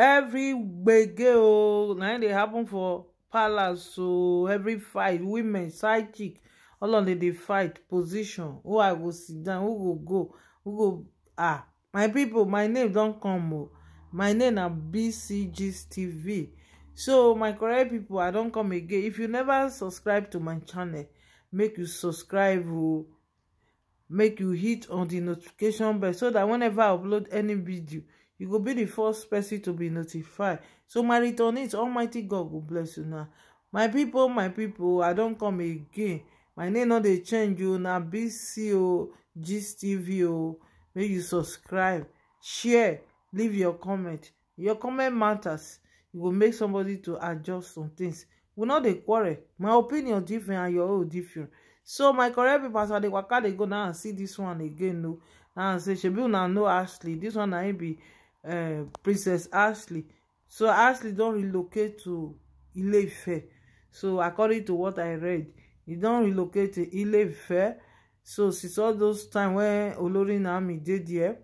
every gbege o na e dey happen for palace o every fight women side chick all of dem dey fight position who i go sit down who go go who go ah my people, my name don come o my name na bcgs so my correct people, i don come again if you never subscribe to my channel make you subscribe o make you hit on the notification bell so that whenever i upload any video you go be the first person to be notified so my return it almighty god will bless you now my people, my people. i don't come again my name not they change o na bco gist tv o make you subscribe share leave your comment your comment matters you e will make somebody to adjust some things we not dey quarrel my opinion different and your own different so my correct pipo as i dey waka dey go now and see this one again No, now and i say shebi now know ashley This one na be Eh, princess ashley so ashley don relocate to ileife so according to what i read he don relocate to ileife so since all those time when olori naomi dey there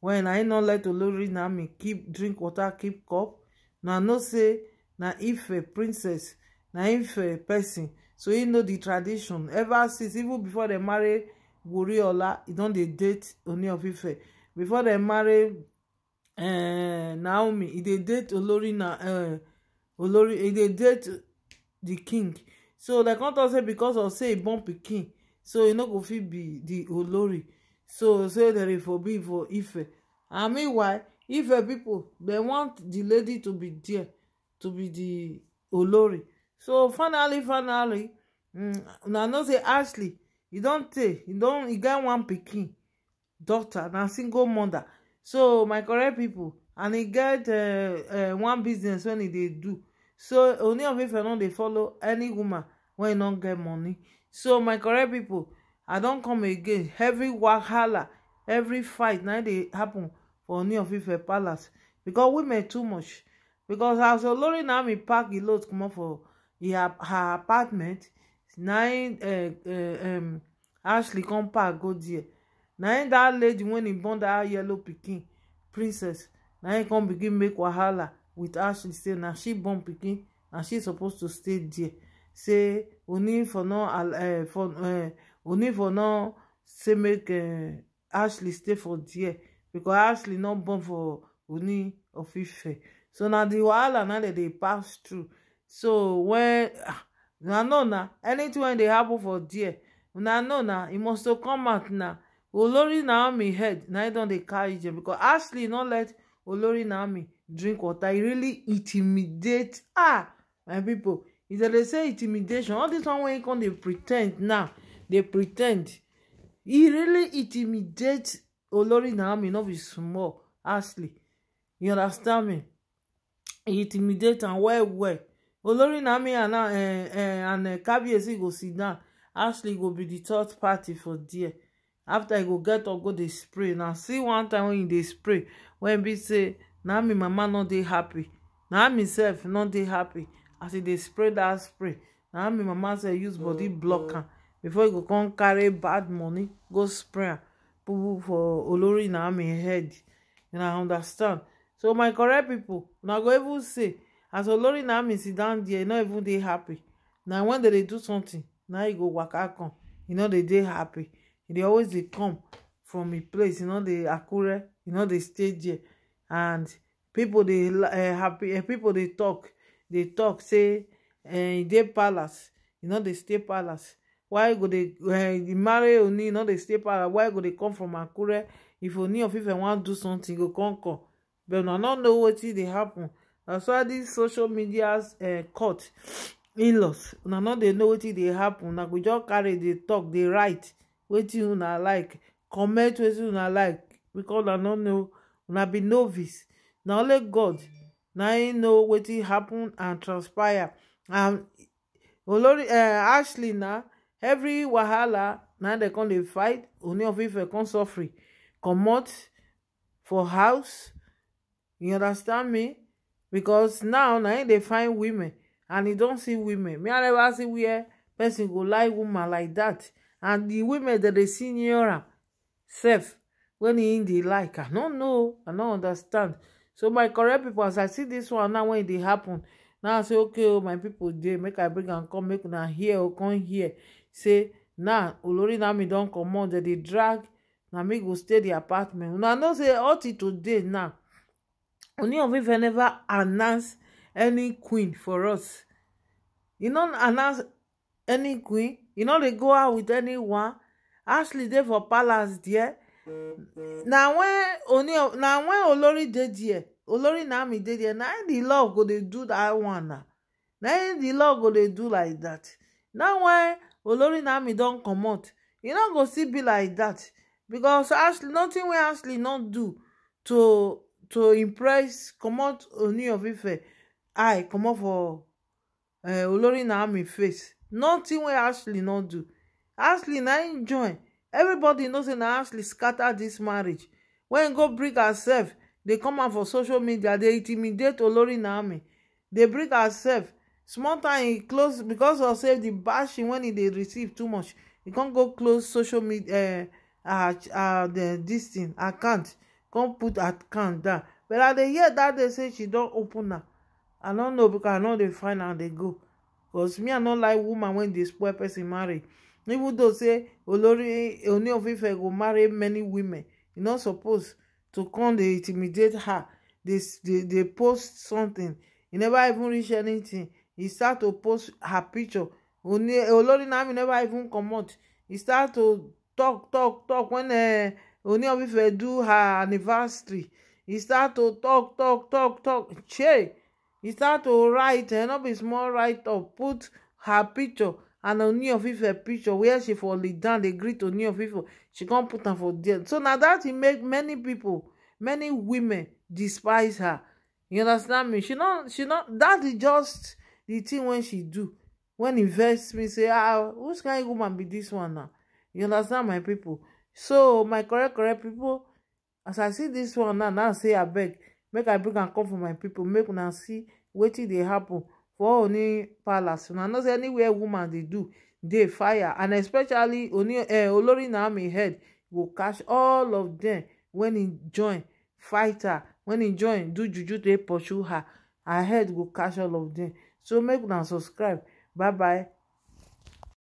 when i no let olori naomi keep drink water keep cup na no say na ife princess na ife person so he know the tradition ever since even before dem marry wuriola e don dey date oni of ife before dem marry uh, naomi e dey date olori na uh, olori e dey date di king so dem come tok say becos of say e born pikin so e no go fit be di olori so say dem for forbid for ife and meanwhile ife pipo dem want di lady to be there to be di olori so finally finally una mm, know say ashley e don tey e get one pikin daughter na single mother so my correct people, and e get uh, uh, one business when e dey do so only of if I know they follow any woman wey don't e get money so my correct people, i don't come again every wahala every fight now they happen for only of if a palace because women too much because as Lorry now me pack e come up for her apartment na uh, um ashley come pack go there Now im dat lady when he born that yellow pikin princess na him come begin make wahala with ashley say na she born pikin na she suppose to stay there say oni for no uh, for uh, oni for no say make uh, ashley stay for there because ashley no born for oni of ife so na the wahala na dem dey pass through so when ah, na no na anything wey dey happen for there una know na e must to come out na olori naomi head na e don dey carry jem because ashley not let olori naomi drink water He really intimidate ah my pipo e they say intimidation all this one when he come, they pretend now they pretend He really intimidate olori naomi no be small ashley you understand me He intimidate and well well olori naomi and eh, eh, and eh, kabiyesi go sit down ashley go be the third party for dear after e go get up go dey spray now see one time when e dey spray when be say na me mama no dey happy na me sef no dey happy as e dey spray that spray na me mama say use body mm-hmm. block am before e go come carry bad money go spray am pupu for olori na me head una understand so my correct people una go even say as olori na me sit down there e no even dey happy na when they dey do something na e go waka come e no dey dey happy e dey always dey come from a place you know the akure you know the stage, there and people dey eh, happy eh, people dey talk, dey talk say e dey palace you know dey stay palace why go dey marry oni e no dey stay palace why go dey come from akure if oni of ife wan do something go come come but una no know wetin dey happen that's why these social media court in-laws una no dey know wetin dey happen una go just carry dey talk dey write wetin una like comment wetin una like because una no know una be novice na only god na him know wetin happen and transpire and olori uh, ashley na every wahala na dem come dey fight Ooni of Ife come suffer comot for house you understand me because now na him dey find women and he don see women me i never see where person go like woman like that and the women dem dey senior um, self, when wen e dey like i no know i no understand so my correct people, as i see this one now when e happen now i say okay o oh, my people, dey make i bring and come make now here or oh, come here. say now olori nami don comot dem They drag now me go stay the apartment now know say what until today now Only of ife never announce any queen for us e don't announce any queen you know they go out with anyone ashley they for palace there Now when only now when olori dey there olori na me dey there Now the di love go they do that one now. Now the di love go they do like that. Now when olori na me come out, you know go still be like that because ashley nothing we ashley not do to to impress come comot oni of ife come out for eh, olori na me face nothing wey ashley no do ashley na im join everybody know say na ashley scatter dis marriage wen go bring herself dey come out for social media dey intimidate olori naomi dey bring herself small time e close because of say di bashing wen e dey receive too much e con go close social media eh, the this thing account come put account down but i dey hear dat day say she don open am i no know because i no dey find am dey go cos me i no like woman when dey spoil person marriage even though say olori oni of I go marry many women e no suppose to come dey intimidate her They, they, they post something He never even reach anything He start to post her picture olori nami never even comot He start to talk talk talk When uh, eh, oni of ife do her anniversary he start to talk talk talk talk chey He start to write eh, no be small write up put her picture and oni of ife picture where she for lead down dey greet oni of ife she come put am for there so na that he make many people, many women despise her you understand me she she That is just the thing wey she do when e vex me say ah which kind woman be this one now you understand my people? so my correct correct people, as i see this one now now say abeg make i bring and come for my people. make una see what they happen for only palace una know say anywhere woman they do they fire and especially only eh, olori naomi head go catch all of them when he join fighter. When he join do juju they pursue her her head go catch all of them. so make una subscribe bye bye